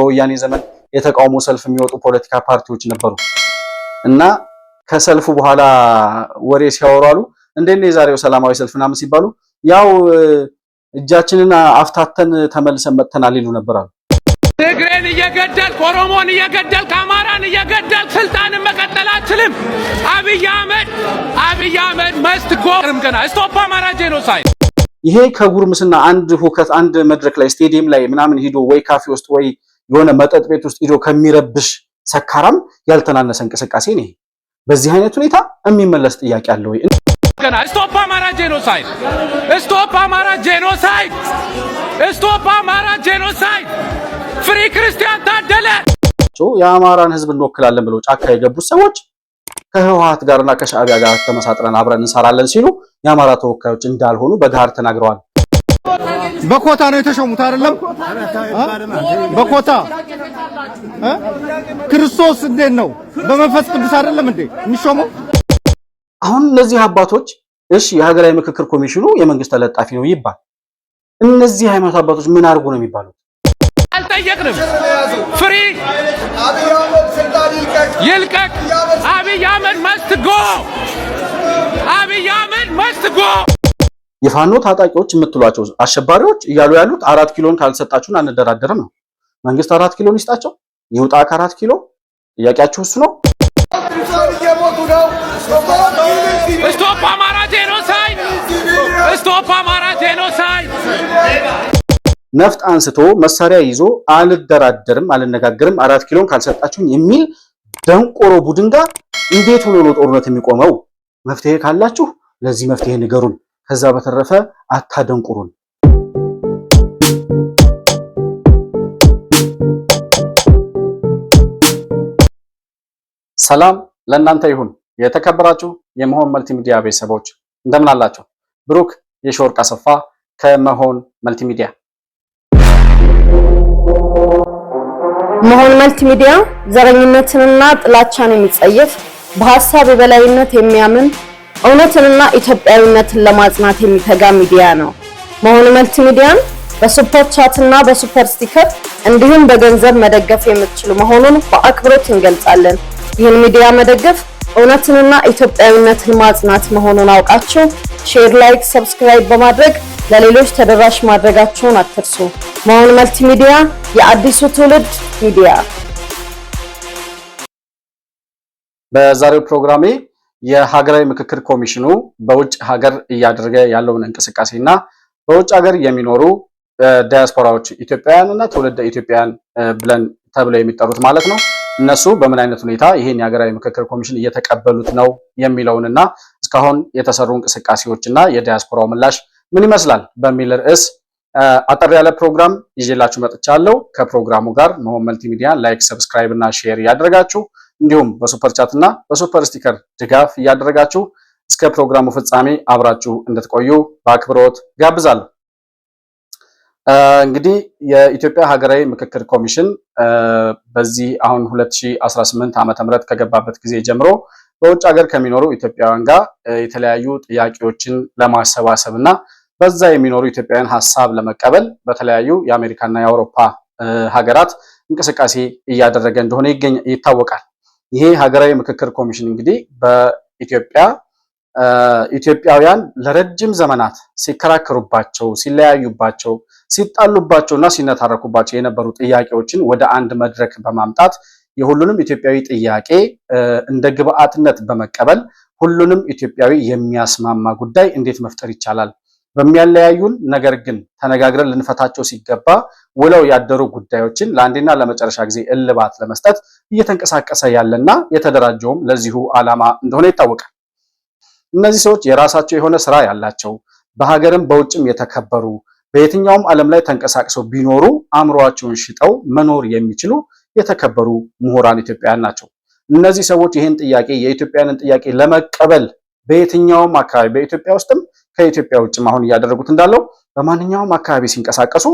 በወያኔ ዘመን የተቃውሞ ሰልፍ የሚወጡ ፖለቲካ ፓርቲዎች ነበሩ እና ከሰልፉ በኋላ ወሬ ሲያወሩ አሉ እንዴ የዛሬው ሰላማዊ ሰልፍ ምናምን ሲባሉ ያው እጃችንን አፍታተን ተመልሰን መጥተናል ይሉ ነበር አሉ። ትግሬን እየገደልክ ኦሮሞን እየገደልክ አማራን እየገደልክ ስልጣንን መቀጠል አትችልም። አብይ አህመድ አብይ አህመድ መስት ገና ስቶፕ አማራ ጄኖሳይድ። ይሄ ከጉርምስና አንድ ሁከት አንድ መድረክ ላይ ስቴዲየም ላይ ምናምን ሂዶ ወይ ካፌ ውስጥ ወይ የሆነ መጠጥ ቤት ውስጥ ሂዶ ከሚረብሽ ሰካራም ያልተናነሰ እንቅስቃሴ ነው። በዚህ አይነት ሁኔታ የሚመለስ ጥያቄ አለ ወይ? ስቶፕ አማራ ጄኖሳይድ! ስቶፕ አማራ ጄኖሳይድ! ስቶፕ አማራ ጄኖሳይድ! ፍሪ ክርስቲያን ታደለ የአማራን ህዝብ እንወክላለን ብለው ጫካ የገቡት ሰዎች ከህወሓት ጋርና ከሻዕቢያ ጋር ተመሳጥረን አብረን እንሰራለን ሲሉ የአማራ ተወካዮች እንዳልሆኑ በጋር ተናግረዋል። በኮታ ነው የተሾሙት አይደለም? በኮታ ክርስቶስ እንዴት ነው በመንፈስ ቅዱስ አይደለም እንዴ የሚሾመው? አሁን እነዚህ አባቶች እሺ የሀገራዊ ምክክር ኮሚሽኑ የመንግስት ተለጣፊ ነው ይባል፣ እነዚህ ሃይማኖት አባቶች ምን አድርጎ ነው የሚባሉት? አልጠየቅንም። ፍሪ ይልቀቅ። አብይ አህመድ መስት ጎ አብይ አህመድ መስት ጎ የፋኖ ታጣቂዎች የምትሏቸው አሸባሪዎች እያሉ ያሉት አራት ኪሎን ካልሰጣችሁን አንደራደርም ነው። መንግስት አራት ኪሎን ይስጣቸው ይውጣ ከአራት ኪሎ ጥያቄያችሁ እሱ ነው። ስቶፕ አማራ ጄኖሳይድ! ስቶፕ አማራ ጄኖሳይድ! ነፍጥ አንስቶ መሳሪያ ይዞ አልደራደርም፣ አልነጋገርም አራት ኪሎን ካልሰጣችሁን የሚል ደንቆሮ ቡድን ጋር እንዴት ሆኖ ነው ጦርነት የሚቆመው? መፍትሄ ካላችሁ ለዚህ መፍትሄ ንገሩን። ከዛ በተረፈ አታደንቁሩን። ሰላም ለእናንተ ይሁን። የተከበራችሁ የመሆን መልቲሚዲያ ቤተሰቦች እንደምን አላችሁ? ብሩክ የሾርቅ አሰፋ ከመሆን መልቲሚዲያ። መሆን መልቲሚዲያ ዘረኝነትንና ጥላቻን የሚጸየፍ በሀሳብ የበላይነት የሚያምን እውነትንና ኢትዮጵያዊነትን ለማጽናት የሚተጋ ሚዲያ ነው። ሞኑመንት ሚዲያን በሱፐር ቻት እና በሱፐር ስቲከር እንዲሁም በገንዘብ መደገፍ የምትችሉ መሆኑን በአክብሮት እንገልጻለን። ይህን ሚዲያ መደገፍ እውነትንና ኢትዮጵያዊነትን ማጽናት መሆኑን አውቃችሁ ሼር፣ ላይክ፣ ሰብስክራይብ በማድረግ ለሌሎች ተደራሽ ማድረጋችሁን አትርሱ። መሆን መልቲ ሚዲያ የአዲሱ ትውልድ ሚዲያ። በዛሬው ፕሮግራሜ የሀገራዊ ምክክር ኮሚሽኑ በውጭ ሀገር እያደረገ ያለውን እንቅስቃሴ እና በውጭ ሀገር የሚኖሩ ዳያስፖራዎች ኢትዮጵያውያን እና ትውልደ ኢትዮጵያውያን ብለን ተብለው የሚጠሩት ማለት ነው እነሱ በምን አይነት ሁኔታ ይህን የሀገራዊ ምክክር ኮሚሽን እየተቀበሉት ነው የሚለውን እና እስካሁን የተሰሩ እንቅስቃሴዎች እና የዲያስፖራው ምላሽ ምን ይመስላል በሚል ርዕስ አጠር ያለ ፕሮግራም ይዤላችሁ መጥቻለሁ። ከፕሮግራሙ ጋር መሆን መልቲሚዲያ ላይክ፣ ሰብስክራይብ እና ሼር እያደረጋችሁ? እንዲሁም በሱፐር ቻት እና በሱፐር ስቲከር ድጋፍ እያደረጋችሁ እስከ ፕሮግራሙ ፍጻሜ አብራችሁ እንድትቆዩ በአክብሮት ጋብዛለሁ። እንግዲህ የኢትዮጵያ ሀገራዊ ምክክር ኮሚሽን በዚህ አሁን 2018 ዓ ምህረት ከገባበት ጊዜ ጀምሮ በውጭ ሀገር ከሚኖሩ ኢትዮጵያውያን ጋር የተለያዩ ጥያቄዎችን ለማሰባሰብ እና በዛ የሚኖሩ ኢትዮጵያውያን ሀሳብ ለመቀበል በተለያዩ የአሜሪካና የአውሮፓ ሀገራት እንቅስቃሴ እያደረገ እንደሆነ ይታወቃል። ይሄ ሀገራዊ ምክክር ኮሚሽን እንግዲህ በኢትዮጵያ ኢትዮጵያውያን ለረጅም ዘመናት ሲከራከሩባቸው፣ ሲለያዩባቸው፣ ሲጣሉባቸው እና ሲነታረኩባቸው የነበሩ ጥያቄዎችን ወደ አንድ መድረክ በማምጣት የሁሉንም ኢትዮጵያዊ ጥያቄ እንደ ግብአትነት በመቀበል ሁሉንም ኢትዮጵያዊ የሚያስማማ ጉዳይ እንዴት መፍጠር ይቻላል፣ በሚያለያዩን ነገር ግን ተነጋግረን ልንፈታቸው ሲገባ ውለው ያደሩ ጉዳዮችን ለአንዴና ለመጨረሻ ጊዜ እልባት ለመስጠት እየተንቀሳቀሰ ያለና የተደራጀውም ለዚሁ ዓላማ እንደሆነ ይታወቃል። እነዚህ ሰዎች የራሳቸው የሆነ ስራ ያላቸው በሀገርም በውጭም የተከበሩ በየትኛውም ዓለም ላይ ተንቀሳቅሰው ቢኖሩ አእምሯቸውን ሽጠው መኖር የሚችሉ የተከበሩ ምሁራን ኢትዮጵያውያን ናቸው። እነዚህ ሰዎች ይህን ጥያቄ የኢትዮጵያንን ጥያቄ ለመቀበል በየትኛውም አካባቢ በኢትዮጵያ ውስጥም ከኢትዮጵያ ውጭም አሁን እያደረጉት እንዳለው በማንኛውም አካባቢ ሲንቀሳቀሱ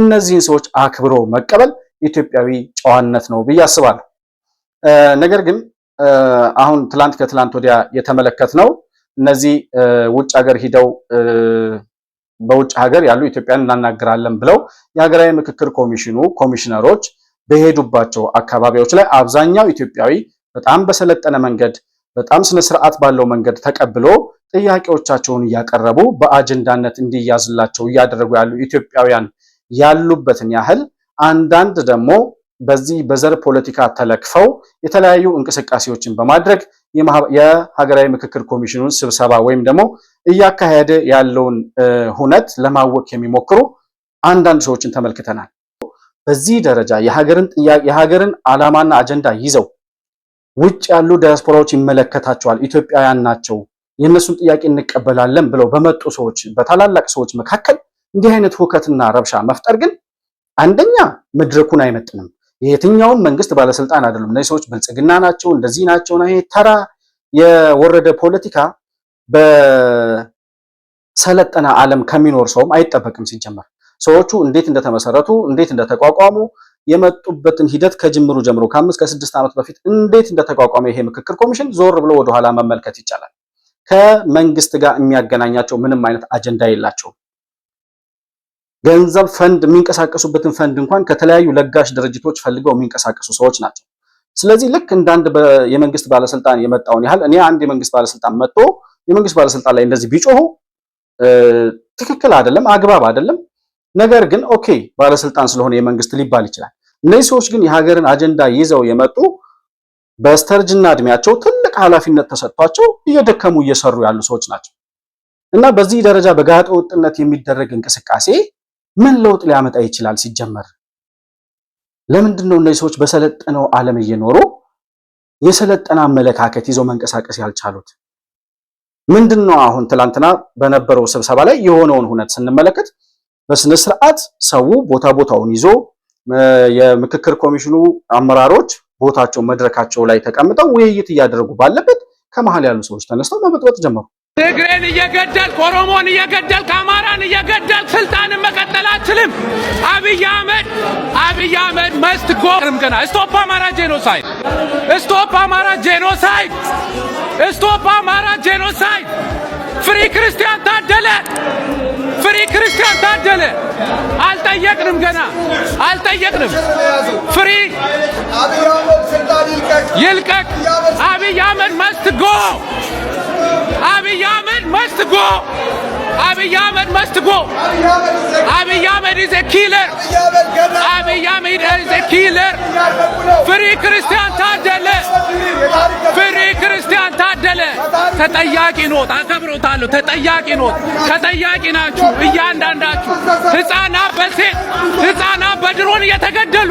እነዚህን ሰዎች አክብሮ መቀበል ኢትዮጵያዊ ጨዋነት ነው ብዬ አስባለሁ። ነገር ግን አሁን ትላንት ከትላንት ወዲያ የተመለከት ነው እነዚህ ውጭ ሀገር ሂደው በውጭ ሀገር ያሉ ኢትዮጵያን እናናግራለን ብለው የሀገራዊ ምክክር ኮሚሽኑ ኮሚሽነሮች በሄዱባቸው አካባቢዎች ላይ አብዛኛው ኢትዮጵያዊ በጣም በሰለጠነ መንገድ በጣም ስነ ስርዓት ባለው መንገድ ተቀብሎ ጥያቄዎቻቸውን እያቀረቡ በአጀንዳነት እንዲያዝላቸው እያደረጉ ያሉ ኢትዮጵያውያን ያሉበትን ያህል አንዳንድ ደግሞ በዚህ በዘር ፖለቲካ ተለክፈው የተለያዩ እንቅስቃሴዎችን በማድረግ የሀገራዊ ምክክር ኮሚሽኑን ስብሰባ ወይም ደግሞ እያካሄደ ያለውን ሁነት ለማወቅ የሚሞክሩ አንዳንድ ሰዎችን ተመልክተናል። በዚህ ደረጃ የሀገርን ዓላማና አጀንዳ ይዘው ውጭ ያሉ ዲያስፖራዎች ይመለከታቸዋል፣ ኢትዮጵያውያን ናቸው፣ የእነሱን ጥያቄ እንቀበላለን ብለው በመጡ ሰዎች፣ በታላላቅ ሰዎች መካከል እንዲህ አይነት ሁከትና ረብሻ መፍጠር ግን አንደኛ መድረኩን አይመጥንም። የትኛውም መንግስት ባለስልጣን አይደሉም። እነዚህ ሰዎች ብልጽግና ናቸው፣ እንደዚህ ናቸው። ይሄ ተራ የወረደ ፖለቲካ በሰለጠነ ዓለም ከሚኖር ሰውም አይጠበቅም። ሲጀመር ሰዎቹ እንዴት እንደተመሰረቱ እንዴት እንደተቋቋሙ የመጡበትን ሂደት ከጅምሩ ጀምሮ ከአምስት ከስድስት ዓመት በፊት እንዴት እንደተቋቋመ ይሄ ምክክር ኮሚሽን ዞር ብሎ ወደኋላ መመልከት ይቻላል። ከመንግስት ጋር የሚያገናኛቸው ምንም አይነት አጀንዳ የላቸውም። ገንዘብ ፈንድ የሚንቀሳቀሱበትን ፈንድ እንኳን ከተለያዩ ለጋሽ ድርጅቶች ፈልገው የሚንቀሳቀሱ ሰዎች ናቸው። ስለዚህ ልክ እንደ አንድ የመንግስት ባለስልጣን የመጣውን ያህል እኔ አንድ የመንግስት ባለስልጣን መጥቶ የመንግስት ባለስልጣን ላይ እንደዚህ ቢጮሁ ትክክል አይደለም፣ አግባብ አይደለም። ነገር ግን ኦኬ ባለስልጣን ስለሆነ የመንግስት ሊባል ይችላል። እነዚህ ሰዎች ግን የሀገርን አጀንዳ ይዘው የመጡ በስተርጅና እድሜያቸው ትልቅ ኃላፊነት ተሰጥቷቸው እየደከሙ እየሰሩ ያሉ ሰዎች ናቸው እና በዚህ ደረጃ በጋጠ ወጥነት የሚደረግ እንቅስቃሴ ምን ለውጥ ሊያመጣ ይችላል? ሲጀመር ለምንድን ነው እነዚህ ሰዎች በሰለጠነው ዓለም እየኖሩ የሰለጠነ አመለካከት ይዘው መንቀሳቀስ ያልቻሉት? ምንድን ነው አሁን ትላንትና በነበረው ስብሰባ ላይ የሆነውን ሁነት ስንመለከት በስነ ስርዓት ሰው ቦታ ቦታውን ይዞ የምክክር ኮሚሽኑ አመራሮች ቦታቸው መድረካቸው ላይ ተቀምጠው ውይይት እያደረጉ ባለበት ከመሀል ያሉ ሰዎች ተነስተው መበጥበጥ ጀመሩ። ትግሬን እየገደልክ ኦሮሞን እየገደልክ አማራን እየገደልክ ስልጣንን መቀጠል አትችልም። አብይ አህመድ አብይ አህመድ መስት ጎርም ገና ስቶፕ አማራ ጄኖሳይድ ስቶፕ አማራ ጄኖሳይድ ስቶፕ አማራ ጄኖሳይድ ፍሪ ክርስቲያን ታደለ ፍሪ ክርስቲያን ታደለ አልጠየቅንም፣ ገና አልጠየቅንም። ፍሪ ይልቀቅ። አብይ አህመድ መስት ጎ አብይ አህመድ መስጎ አብይ አህመድ must go. Abiy Ahmed is a killer. Abiy Ahmed is a killer. ፍሪ ክርስቲያን ታደለ ፍሪ ክርስቲያን ታደለ ተጠያቂ ኖት። አከብሮታለሁ። ተጠያቂ ኖት። ተጠያቂ ናችሁ እያንዳንዳችሁ። ህፃናት በሴት ህፃናት በድሮን እየተገደሉ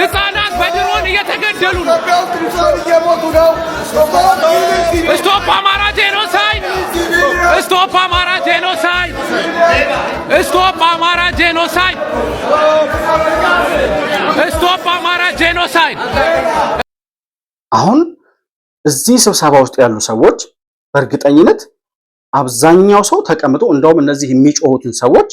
ህፃናት በድሮን እየተገደሉ ነው። ስቶፕ አማራ ጄኖሳይድ ስቶፕ አማራ ጄኖሳይድ! ስቶፕ አማራ ጄኖሳይድ! ስቶፕ አማራ ጄኖሳይድ! አሁን እዚህ ስብሰባ ውስጥ ያሉ ሰዎች በእርግጠኝነት አብዛኛው ሰው ተቀምጦ እንደውም እነዚህ የሚጮሁትን ሰዎች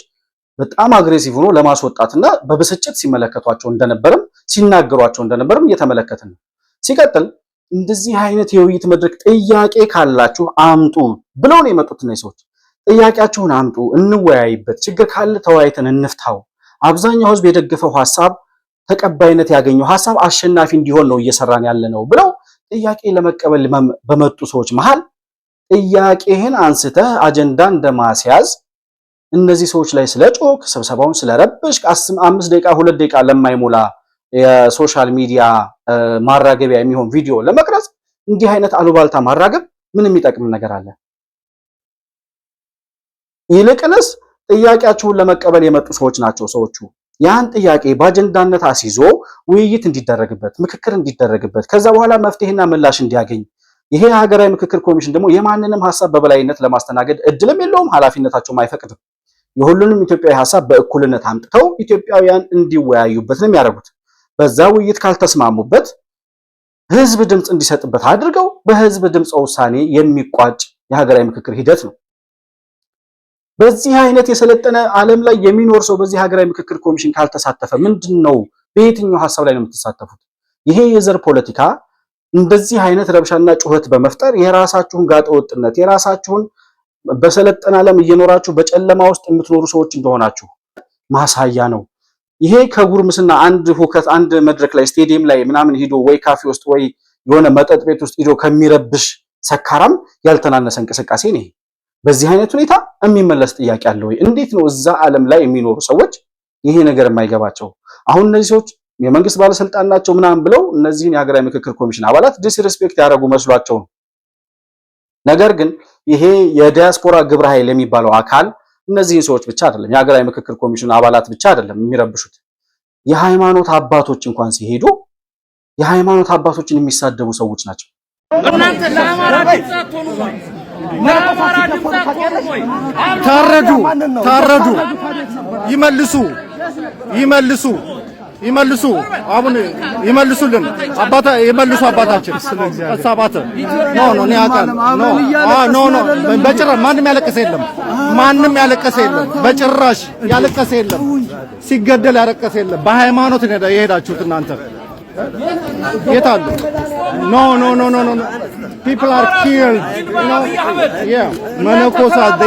በጣም አግሬሲቭ ሆኖ ለማስወጣትና በብስጭት ሲመለከቷቸው እንደነበርም ሲናገሯቸው እንደነበርም እየተመለከትን ነው። ሲቀጥል እንደዚህ አይነት የውይይት መድረክ ጥያቄ ካላችሁ አምጡ ብለው ነው የመጡት እነዚህ ሰዎች። ጥያቄያችሁን አምጡ፣ እንወያይበት። ችግር ካለ ተወያይተን እንፍታው። አብዛኛው ህዝብ የደገፈው ሀሳብ ተቀባይነት ያገኘው ሀሳብ አሸናፊ እንዲሆን ነው እየሰራን ያለ ነው ብለው ጥያቄ ለመቀበል በመጡ ሰዎች መሃል ጥያቄህን አንስተህ አጀንዳ እንደማስያዝ እነዚህ ሰዎች ላይ ስለ ጮክ ስብሰባውን ስለረብሽ አምስት ደቂቃ ሁለት ደቂቃ ለማይሞላ የሶሻል ሚዲያ ማራገቢያ የሚሆን ቪዲዮ ለመቅረጽ እንዲህ አይነት አሉባልታ ማራገብ ምን የሚጠቅም ነገር አለ? ይልቅንስ ጥያቄያችሁን ለመቀበል የመጡ ሰዎች ናቸው ሰዎቹ ያን ጥያቄ በአጀንዳነት አስይዞ ውይይት እንዲደረግበት ምክክር እንዲደረግበት ከዛ በኋላ መፍትሄና ምላሽ እንዲያገኝ ይሄ ሀገራዊ ምክክር ኮሚሽን ደግሞ የማንንም ሀሳብ በበላይነት ለማስተናገድ እድልም የለውም፣ ኃላፊነታቸውም አይፈቅድም። የሁሉንም ኢትዮጵያዊ ሀሳብ በእኩልነት አምጥተው ኢትዮጵያውያን እንዲወያዩበት ነው የሚያደርጉት። በዛ ውይይት ካልተስማሙበት ህዝብ ድምፅ እንዲሰጥበት አድርገው በህዝብ ድምፅ ውሳኔ የሚቋጭ የሀገራዊ ምክክር ሂደት ነው። በዚህ አይነት የሰለጠነ ዓለም ላይ የሚኖር ሰው በዚህ ሀገራዊ ምክክር ኮሚሽን ካልተሳተፈ ምንድን ነው? በየትኛው ሀሳብ ላይ ነው የምትሳተፉት? ይሄ የዘር ፖለቲካ እንደዚህ አይነት ረብሻና ጩኸት በመፍጠር የራሳችሁን ጋጠወጥነት የራሳችሁን በሰለጠነ ዓለም እየኖራችሁ በጨለማ ውስጥ የምትኖሩ ሰዎች እንደሆናችሁ ማሳያ ነው። ይሄ ከጉርምስና አንድ ሁከት አንድ መድረክ ላይ ስቴዲየም ላይ ምናምን ሂዶ ወይ ካፌ ውስጥ ወይ የሆነ መጠጥ ቤት ውስጥ ሂዶ ከሚረብሽ ሰካራም ያልተናነሰ እንቅስቃሴ ነው። በዚህ አይነት ሁኔታ የሚመለስ ጥያቄ አለ ወይ? እንዴት ነው እዛ ዓለም ላይ የሚኖሩ ሰዎች ይሄ ነገር የማይገባቸው? አሁን እነዚህ ሰዎች የመንግስት ባለስልጣን ናቸው ምናምን ብለው እነዚህን የሀገራዊ ምክክር ኮሚሽን አባላት ዲስሪስፔክት ያደረጉ መስሏቸው ነው። ነገር ግን ይሄ የዲያስፖራ ግብረ ኃይል የሚባለው አካል እነዚህን ሰዎች ብቻ አይደለም፣ የሀገራዊ ምክክር ኮሚሽን አባላት ብቻ አይደለም የሚረብሹት። የሃይማኖት አባቶች እንኳን ሲሄዱ የሃይማኖት አባቶችን የሚሳደቡ ሰዎች ናቸው። ታረዱ፣ ታረዱ፣ ይመልሱ፣ ይመልሱ፣ ይመልሱ። አቡነ ይመልሱልን፣ አባታ ይመልሱ። አባታችን ስለዚህ ኖ ኖ ኖ ኖ፣ በጭራሽ ማንም ያለቀሰ የለም። ማንም ያለቀሰ የለም። በጭራሽ ያለቀሰ የለም። ሲገደል ያለቀሰ የለም። በሃይማኖት የሄዳችሁት እናንተ የት አሉ? ኖ ኖ ኖ ኖ ኖ ፒፕል አር ኪልድ ያ መነኮሳት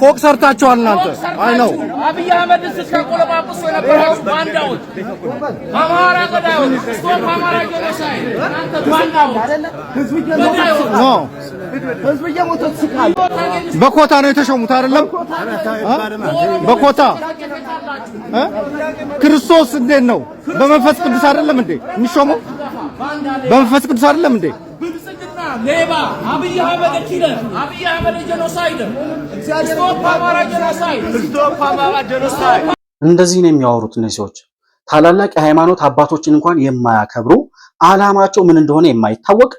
ፎቅ ሰርታችኋል እናንተ። አይ ነው አብይ አህመድ ስታቆለጳጵሱ የነበራችሁ ባንዳዎች፣ አማራ ገዳዮች፣ ስቶፕ አማራ ጄኖሳይድ እናንተ ባንዳዎች በኮታ ነው የተሾሙት አይደለም? በኮታ ክርስቶስ እንዴት ነው? በመንፈስ ቅዱስ አይደለም እንዴ የሚሾሙ? በመንፈስ ቅዱስ አይደለም እንዴ? ሌባ አብይ አህመድ አብይ አህመድ ጀኖሳይድ አማራ ጀኖሳይድ አማራ ጀኖሳይድ እንደዚህ ነው የሚያወሩት እነዚህ ሰዎች። ታላላቅ የሃይማኖት አባቶችን እንኳን የማያከብሩ አላማቸው ምን እንደሆነ የማይታወቅ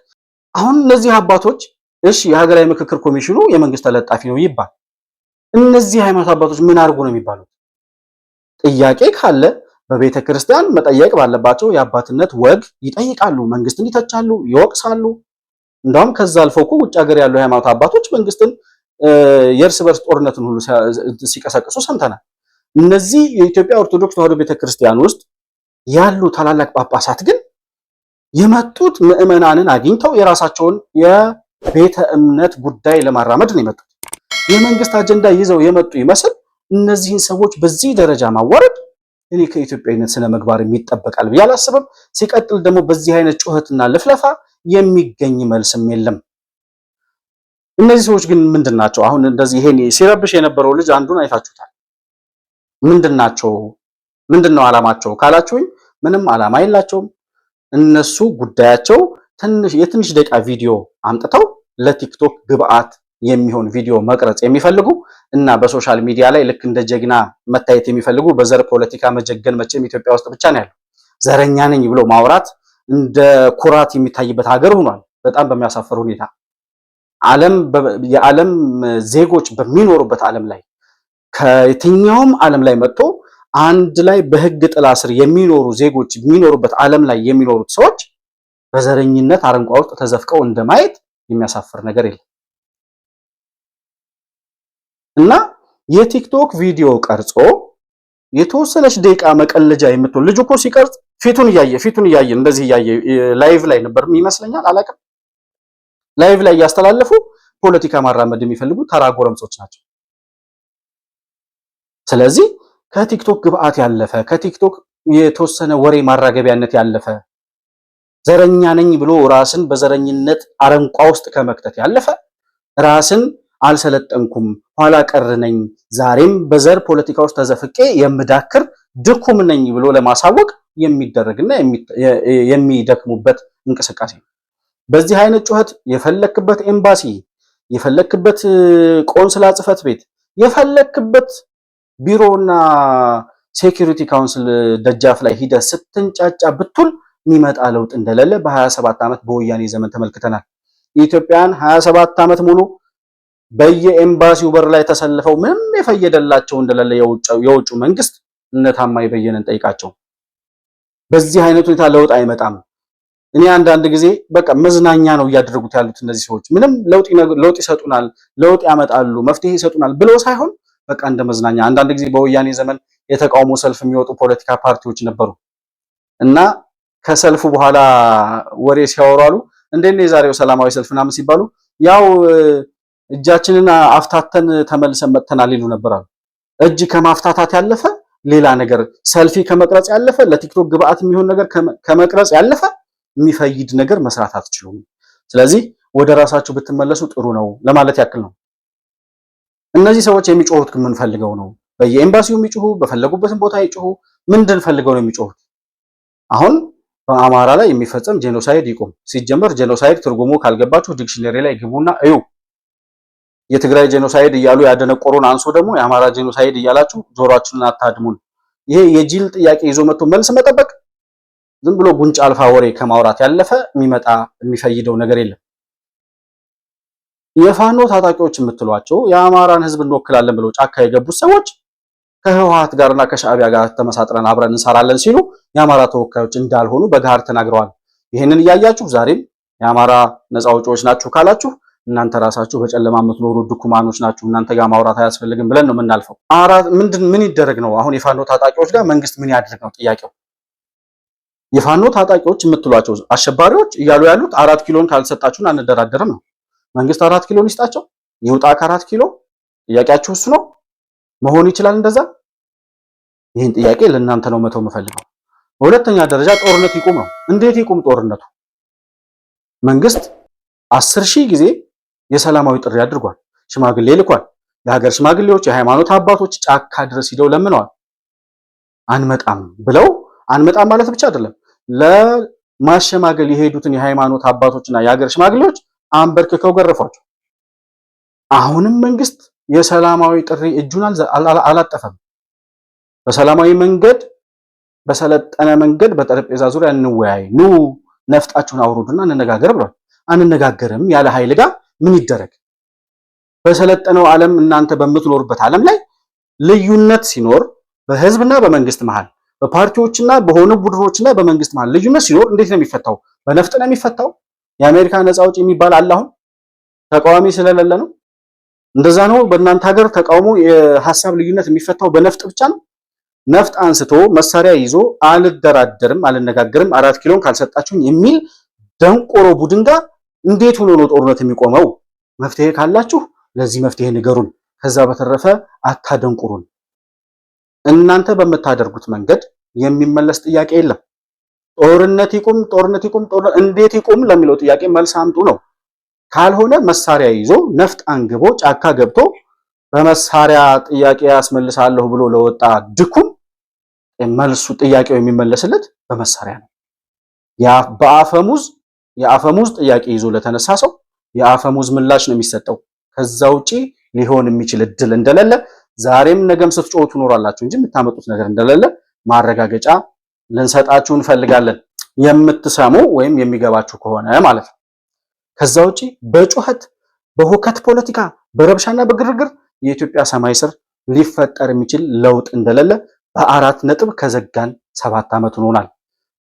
አሁን እነዚህ አባቶች እሺ የሀገራዊ ምክክር ኮሚሽኑ የመንግስት ተለጣፊ ነው ይባል፣ እነዚህ ሃይማኖት አባቶች ምን አድርጉ ነው የሚባሉት? ጥያቄ ካለ በቤተ ክርስቲያን መጠየቅ ባለባቸው የአባትነት ወግ ይጠይቃሉ፣ መንግስትን ይተቻሉ፣ ይወቅሳሉ። እንዳውም ከዛ አልፎ እኮ ውጭ ሀገር ያሉ የሃይማኖት አባቶች መንግስትን የእርስ በርስ ጦርነትን ሁሉ ሲቀሰቅሱ ሰምተናል። እነዚህ የኢትዮጵያ ኦርቶዶክስ ተዋህዶ ቤተክርስቲያን ውስጥ ያሉ ታላላቅ ጳጳሳት ግን የመጡት ምዕመናንን አግኝተው የራሳቸውን የቤተ እምነት ጉዳይ ለማራመድ ነው የመጡት። የመንግስት አጀንዳ ይዘው የመጡ ይመስል እነዚህን ሰዎች በዚህ ደረጃ ማዋረድ እኔ ከኢትዮጵያዊነት ስነ ምግባር የሚጠበቃል ብዬ አላስብም። ሲቀጥል ደግሞ በዚህ አይነት ጩኸትና ልፍለፋ የሚገኝ መልስም የለም። እነዚህ ሰዎች ግን ምንድን ናቸው? አሁን እንደዚህ ይሄን ሲረብሽ የነበረው ልጅ አንዱን አይታችሁታል። ምንድን ናቸው? ምንድን ነው አላማቸው ካላችሁኝ ምንም አላማ የላቸውም። እነሱ ጉዳያቸው የትንሽ ደቂቃ ቪዲዮ አምጥተው ለቲክቶክ ግብአት የሚሆን ቪዲዮ መቅረጽ የሚፈልጉ እና በሶሻል ሚዲያ ላይ ልክ እንደ ጀግና መታየት የሚፈልጉ በዘር ፖለቲካ መጀገን መቼም ኢትዮጵያ ውስጥ ብቻ ነው ያለው። ዘረኛ ነኝ ብሎ ማውራት እንደ ኩራት የሚታይበት ሀገር ሆኗል። በጣም በሚያሳፍር ሁኔታ የዓለም ዜጎች በሚኖሩበት ዓለም ላይ ከየትኛውም ዓለም ላይ መጥቶ አንድ ላይ በህግ ጥላ ስር የሚኖሩ ዜጎች የሚኖሩበት ዓለም ላይ የሚኖሩት ሰዎች በዘረኝነት አረንቋ ውስጥ ተዘፍቀው እንደማየት የሚያሳፍር ነገር የለም እና የቲክቶክ ቪዲዮ ቀርጾ የተወሰነች ደቂቃ መቀለጃ የምትሆን ልጅ እኮ ሲቀርጽ ፊቱን እያየ ፊቱን እያየ እንደዚህ እያየ ላይቭ ላይ ነበር ይመስለኛል፣ አላውቅም። ላይቭ ላይ እያስተላለፉ ፖለቲካ ማራመድ የሚፈልጉ ተራ ጎረምሶች ናቸው። ስለዚህ ከቲክቶክ ግብአት ያለፈ ከቲክቶክ የተወሰነ ወሬ ማራገቢያነት ያለፈ ዘረኛ ነኝ ብሎ ራስን በዘረኝነት አረንቋ ውስጥ ከመክተት ያለፈ ራስን አልሰለጠንኩም፣ ኋላ ቀር ነኝ፣ ዛሬም በዘር ፖለቲካ ውስጥ ተዘፍቄ የምዳክር ድኩም ነኝ ብሎ ለማሳወቅ የሚደረግና የሚደክሙበት እንቅስቃሴ ነው። በዚህ አይነት ጩኸት የፈለክበት ኤምባሲ፣ የፈለክበት ቆንስላ ጽፈት ቤት፣ የፈለክበት ቢሮና ሴኪሪቲ ካውንስል ደጃፍ ላይ ሂደ ስትንጫጫ ብቱል የሚመጣ ለውጥ እንደሌለ በ27 ዓመት በወያኔ ዘመን ተመልክተናል። ኢትዮጵያን 27 ዓመት ሙሉ በየኤምባሲው በር ላይ ተሰልፈው ምንም የፈየደላቸው እንደሌለ የውጭ መንግስት እነታማ ታማኝ በየነን ጠይቃቸው። በዚህ አይነት ሁኔታ ለውጥ አይመጣም። እኔ አንዳንድ ጊዜ በቃ መዝናኛ ነው እያደረጉት ያሉት እነዚህ ሰዎች። ምንም ለውጥ ይሰጡናል፣ ለውጥ ያመጣሉ፣ መፍትሄ ይሰጡናል ብሎ ሳይሆን በቃ እንደ መዝናኛ አንዳንድ ጊዜ በወያኔ ዘመን የተቃውሞ ሰልፍ የሚወጡ ፖለቲካ ፓርቲዎች ነበሩ እና ከሰልፉ በኋላ ወሬ ሲያወሩ አሉ እንዴት ነው የዛሬው ሰላማዊ ሰልፍ ምናምን ሲባሉ ያው እጃችንን አፍታተን ተመልሰን መጥተናል ይሉ ነበር አሉ። እጅ ከማፍታታት ያለፈ ሌላ ነገር ሰልፊ ከመቅረጽ ያለፈ ለቲክቶክ ግብአት የሚሆን ነገር ከመቅረጽ ያለፈ የሚፈይድ ነገር መስራት አትችሉም። ስለዚህ ወደ ራሳችሁ ብትመለሱ ጥሩ ነው ለማለት ያክል ነው። እነዚህ ሰዎች የሚጮሁት የምንፈልገው ነው። በየኤምባሲው የሚጮሁ በፈለጉበት ቦታ ይጮሁ። ምንድን ፈልገው ነው የሚጮሁት? አሁን በአማራ ላይ የሚፈጸም ጄኖሳይድ ይቁም። ሲጀመር ጄኖሳይድ ትርጉሙ ካልገባችሁ ዲክሽነሪ ላይ ግቡና እዩ። የትግራይ ጄኖሳይድ እያሉ ያደነቆሩን አንሶ ደግሞ የአማራ ጄኖሳይድ እያላችሁ ጆሮአችንን አታድሙን። ይሄ የጅል ጥያቄ ይዞ መጥቶ መልስ መጠበቅ ዝም ብሎ ጉንጭ አልፋ ወሬ ከማውራት ያለፈ የሚመጣ የሚፈይደው ነገር የለም። የፋኖ ታጣቂዎች የምትሏቸው የአማራን ህዝብ እንወክላለን ብለው ጫካ የገቡት ሰዎች ከህወሓት ጋርና ከሻዕቢያ ጋር ተመሳጥረን አብረን እንሰራለን ሲሉ የአማራ ተወካዮች እንዳልሆኑ በጋር ተናግረዋል። ይህንን እያያችሁ ዛሬም የአማራ ነፃ አውጪዎች ናችሁ ካላችሁ እናንተ ራሳችሁ በጨለማ የምትኖሩ ድኩማኖች ናችሁ፣ እናንተ ጋር ማውራት አያስፈልግም ብለን ነው የምናልፈው። ምንድን ምን ይደረግ ነው አሁን የፋኖ ታጣቂዎች ጋር መንግስት ምን ያድርግ ነው ጥያቄው። የፋኖ ታጣቂዎች የምትሏቸው አሸባሪዎች እያሉ ያሉት አራት ኪሎን ካልሰጣችሁን አንደራደርም ነው። መንግስት አራት ኪሎን ይስጣቸው ይውጣ ከአራት ኪሎ። ጥያቄያችሁ እሱ ነው መሆን ይችላል እንደዛ። ይህን ጥያቄ ለእናንተ ነው መተው የምፈልገው። በሁለተኛ ደረጃ ጦርነት ይቁም ነው። እንዴት ይቁም ጦርነቱ? መንግስት አስር ሺህ ጊዜ የሰላማዊ ጥሪ አድርጓል። ሽማግሌ ልኳል። የሀገር ሽማግሌዎች፣ የሃይማኖት አባቶች ጫካ ድረስ ሂደው ለምነዋል። አንመጣም ብለው አንመጣም ማለት ብቻ አይደለም ለማሸማገል የሄዱትን የሃይማኖት አባቶችና የሀገር ሽማግሌዎች አንበርክከው ገረፏቸው። አሁንም መንግስት የሰላማዊ ጥሪ እጁን አላጠፈም። በሰላማዊ መንገድ በሰለጠነ መንገድ በጠረጴዛ ዙሪያ እንወያይ፣ ኑ ነፍጣችሁን አውሩዱና እንነጋገር ብሏል። አንነጋገርም ያለ ኃይል ጋር ምን ይደረግ? በሰለጠነው ዓለም እናንተ በምትኖሩበት ዓለም ላይ ልዩነት ሲኖር በህዝብና በመንግስት መሃል በፓርቲዎችና በሆኑ ቡድኖችና በመንግስት መሃል ልዩነት ሲኖር እንዴት ነው የሚፈታው? በነፍጥ ነው የሚፈታው? የአሜሪካ ነፃ አውጪ የሚባል አለ አሁን ተቃዋሚ ስለሌለ ነው። እንደዛ ነው። በእናንተ ሀገር ተቃውሞ የሀሳብ ልዩነት የሚፈታው በነፍጥ ብቻ ነው። ነፍጥ አንስቶ መሳሪያ ይዞ አልደራደርም፣ አልነጋገርም፣ አራት ኪሎን ካልሰጣችሁኝ የሚል ደንቆሮ ቡድን ጋር እንዴት ሆኖ ነው ጦርነት የሚቆመው? መፍትሄ ካላችሁ ለዚህ መፍትሄ ንገሩን። ከዛ በተረፈ አታደንቁሩን። እናንተ በምታደርጉት መንገድ የሚመለስ ጥያቄ የለም። ጦርነት ይቁም፣ ጦርነት ይቁም፣ ጦርነት እንዴት ይቁም ለሚለው ጥያቄ መልስ አምጡ ነው። ካልሆነ መሳሪያ ይዞ ነፍጥ አንግቦ ጫካ ገብቶ በመሳሪያ ጥያቄ ያስመልሳለሁ ብሎ ለወጣ ድኩም መልሱ ጥያቄው የሚመለስለት በመሳሪያ ነው። በአፈሙዝ የአፈሙዝ ጥያቄ ይዞ ለተነሳ ሰው የአፈሙዝ ምላሽ ነው የሚሰጠው። ከዛ ውጪ ሊሆን የሚችል እድል እንደሌለ ዛሬም ነገም ስትጮሁ ትኖራላችሁ እንጂ የምታመጡት ነገር እንደሌለ ማረጋገጫ ልንሰጣችሁ እንፈልጋለን። የምትሰሙ ወይም የሚገባችሁ ከሆነ ማለት ነው። ከዛ ውጪ በጩኸት በሁከት ፖለቲካ፣ በረብሻና በግርግር የኢትዮጵያ ሰማይ ስር ሊፈጠር የሚችል ለውጥ እንደሌለ በአራት ነጥብ ከዘጋን ሰባት ዓመት ሆኗል።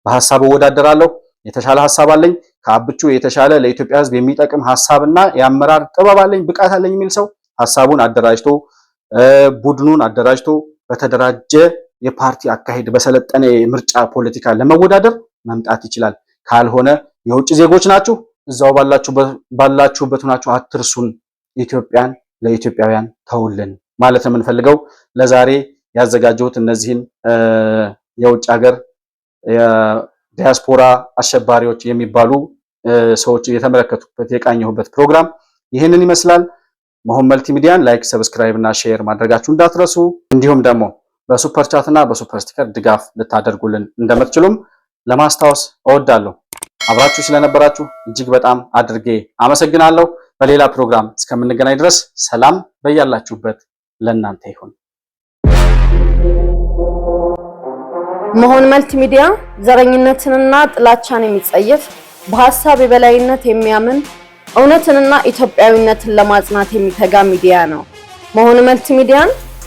በሐሳብ እወዳደራለሁ፣ የተሻለ ሐሳብ አለኝ፣ ከአብቹ የተሻለ ለኢትዮጵያ ሕዝብ የሚጠቅም ሐሳብና የአመራር ጥበብ አለኝ፣ ብቃት አለኝ የሚል ሰው ሐሳቡን አደራጅቶ ቡድኑን አደራጅቶ በተደራጀ የፓርቲ አካሄድ በሰለጠነ የምርጫ ፖለቲካ ለመወዳደር መምጣት ይችላል። ካልሆነ የውጭ ዜጎች ናችሁ፣ እዛው ባላችሁበት ናችሁ፣ አትርሱን፣ ኢትዮጵያን ለኢትዮጵያውያን ተውልን ማለት ነው የምንፈልገው። ለዛሬ ያዘጋጀሁት እነዚህን የውጭ ሀገር ዲያስፖራ አሸባሪዎች የሚባሉ ሰዎች የተመለከቱበት የቃኘሁበት ፕሮግራም ይህንን ይመስላል። መሆን መልቲ ሚዲያን ላይክ፣ ሰብስክራይብ እና ሼር ማድረጋችሁ እንዳትረሱ እንዲሁም ደግሞ በሱፐር ቻት እና በሱፐር ስቲከር ድጋፍ ልታደርጉልን እንደምትችሉም ለማስታወስ እወዳለሁ። አብራችሁ ስለነበራችሁ እጅግ በጣም አድርጌ አመሰግናለሁ። በሌላ ፕሮግራም እስከምንገናኝ ድረስ ሰላም በያላችሁበት ለእናንተ ይሁን። መሆን መልት ሚዲያ ዘረኝነትንና ጥላቻን የሚጸየፍ በሀሳብ የበላይነት የሚያምን እውነትንና ኢትዮጵያዊነትን ለማጽናት የሚተጋ ሚዲያ ነው። መሆን መልቲ ሚዲያን